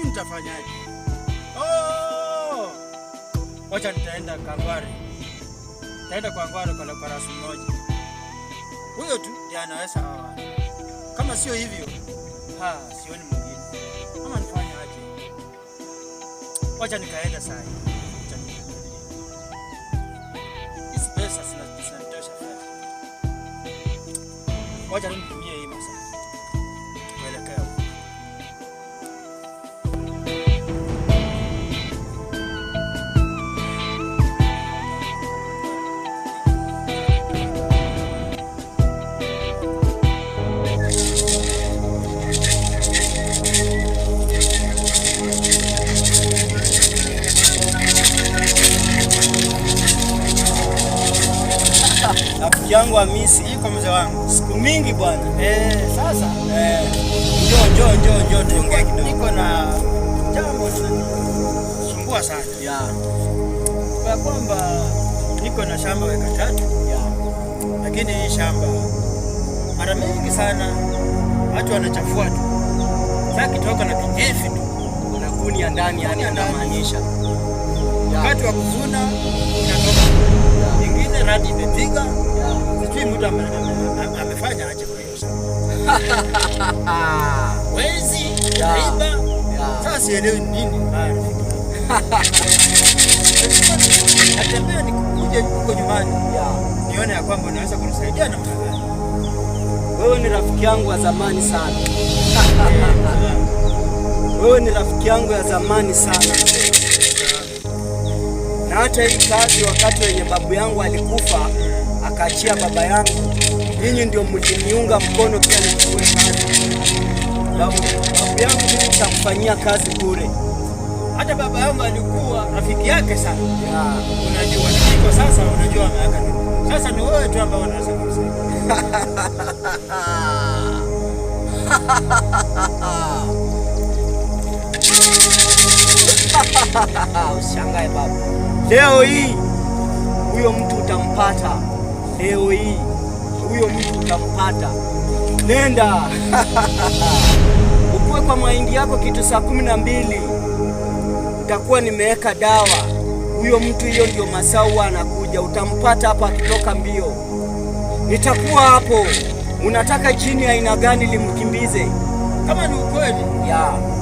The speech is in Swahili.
sijui nitafanyaje. Oh! Wacha nitaenda kangwari, Nitaenda kwa Kangware kwa farasi moja. Huyo tu ndiye anaweza hawa. Ah, kama sio hivyo, ha, sioni mwingine. Ama nifanye aje? Wacha nikaenda saa hii. Hizi pesa zinatosha. Wacha nikaenda. Rafiki yangu Hamisi iko mzee wangu siku mingi bwana. Eh, sasa eh, njoo njoo njoo njoo tuongee kidogo. Niko na jambo linanisumbua sana. Ya. Kwa kwamba niko na shamba weka tatu. Ya. Lakini hii shamba mara mingi sana watu wanachafua tu. Sasa kitoka na kijefi tu na kuni ya ndani yani anamaanisha. Wakati wa kuvuna inatoka. Nyingine radi imepiga si mtu amefanya aje kwa hiyo sababu. Wezi, aiba. Sasa sielewi nini mbaya Natembea nikuje huko nyumbani. Nione ya kwamba unaweza kunisaidia na mtu Wewe ni rafiki yangu wa zamani sana. Wewe ni rafiki yangu ya zamani sana. Na hata hii kazi wakati wenye babu yangu alikufa akaachia baba yangu. Ninyi ndio mliniunga mkono kila nichukue kazi. Babu, babu yangu mimi nitakufanyia kazi bure. Hata baba yangu alikuwa rafiki yake sana. Yeah. Unajua niko sasa, unajua miaka nini? Sasa ni wewe tu ambao unaweza kumsaidia. Ushangae baba. Leo hii huyo mtu utampata leo hii huyo mtu utampata. Nenda ukue kwa mahindi yako kitu saa kumi na mbili nitakuwa nimeweka dawa. Huyo mtu, hiyo ndio Masau anakuja, utampata hapa akitoka mbio. Nitakuwa hapo. Unataka jini aina gani limkimbize? Kama ni ukweli ya